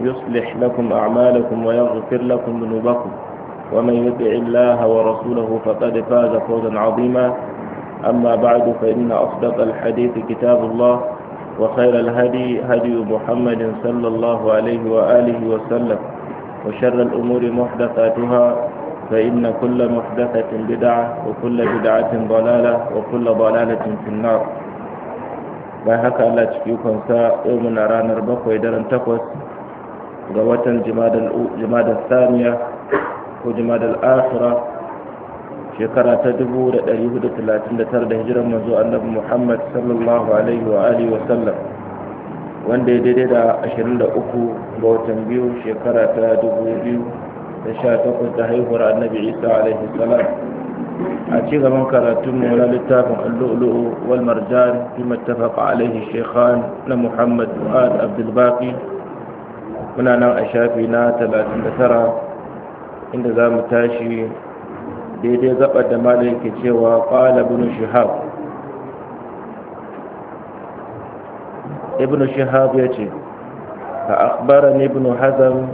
يصلح لكم أعمالكم ويغفر لكم ذنوبكم ومن يطع الله ورسوله فقد فاز فوزا عظيما أما بعد فإن أصدق الحديث كتاب الله وخير الهدي هدي محمد صلى الله عليه وآله وسلم وشر الأمور محدثاتها فإن كل محدثة بدعة وكل بدعة ضلالة وكل ضلالة في النار ما هكا لا تشكيكم سا يومنا رانا ربك ويدرن تقوس ga watan jimadar saniya ko jimadar asira shekara ta 1439 da hijiran manzo annabi muhammad sallallahu alaihi wa alihi wasallam wanda ya daidai da 23 ga watan biyu shekara ta 2018 da haihuwar annabi isa alaihi salam a ci gaban karatun na littafin allu'ulu'u wal marjan fi mattafaqa alaihi shekhan na muhammad fuad abdulbaqi muna nan a shafi na 39 inda za mu tashi daidai gabar da malin ke cewa ƙwala ibn shihab ibn shihab ya ce ka akbaran ibn hazam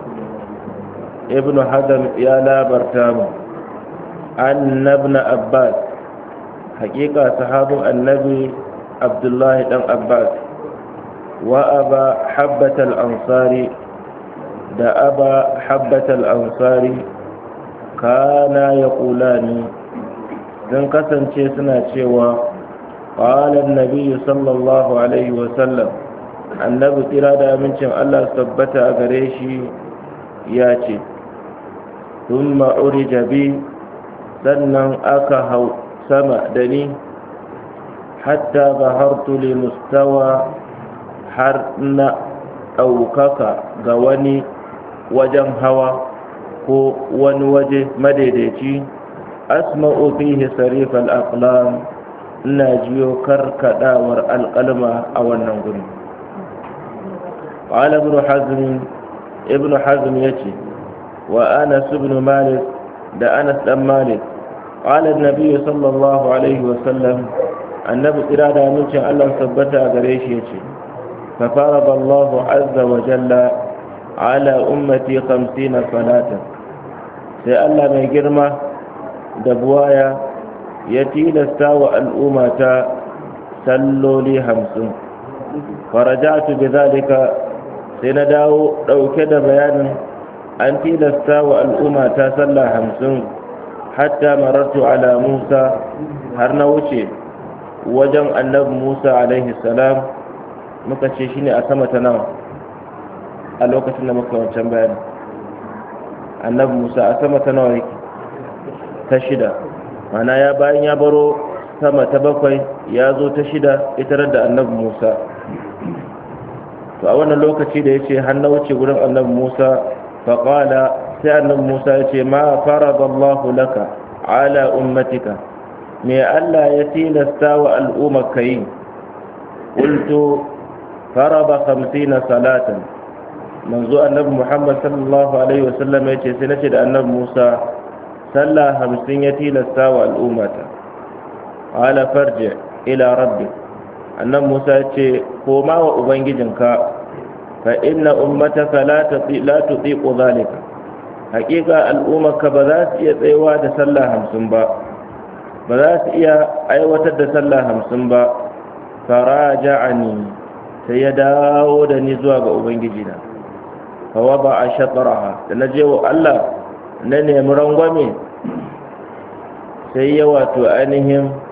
ibn hazam ya labarta mu annabna abbas haƙiƙa sahabin annabi abdullahi ɗan abbas wa aba habbatal ansari da aba habbatal ansari kana ya kula ni?' don kasance suna cewa ƙwalar nabi sallallahu alaihi wasallam annabi tsira da amincin allah tabbata a gare shi ya ce sun ma'uri jabi sannan aka hau sama da ni hatta ba hartuli mustawa har na ɗaukaka ga wani wajen hawa ko wani waje madaidaici asma'u fihi sarif al-aqlam ina jiyo karkadawar alƙalma a wannan guri qala ibn hazm ibn hazm yace wa anas ibn malik da anas dan malik qala an-nabi sallallahu alaihi wa sallam annabi tsira da amincin Allah tabbata gare shi yace fa farada Allah azza wa jalla ala ummati khamsina salatan sai Allah mai girma da buwaya ya tilasta wa ta salloli hamsin farajatu bi zalika sai na dawo ɗauke da bayanin an tilasta wa al'ummata sallah hamsin hatta marartu ala Musa har na wuce wajen annabi Musa alaihi salam muka ce ne a sama ta nawa a lokacin da muka wancan bayani annabi musa a sama ta nawa yake ta shida mana ya bayan ya baro sama ta bakwai ya zo ta shida ita da annabi musa to a wannan lokaci da ya ce hannu wuce wurin annabi musa faƙala sai annabi musa ya ce ma fara faradallahu laka ala ummatika me allah ya tilasta wa al'ummar ka yi قلت فرض خمسين salatin. manzo annabi muhammad sallallahu alaihi wasallam ya ce sai na ce da annabi musa sallah hamsin ya tilasta wa al'ummata ala farji ila rabbi annabi musa ya ce koma wa ubangijinka fa inna ummataka la la tutiqu zalika haƙiƙa al'ummarka ba za su iya tsayawa da sallah hamsin ba ba za su iya aiwatar da sallah hamsin ba faraja'ani sai ya dawo da ni zuwa ga ubangijina ba a shatraha da na wa Allah na nemi rangwame sai yawa wato ainihin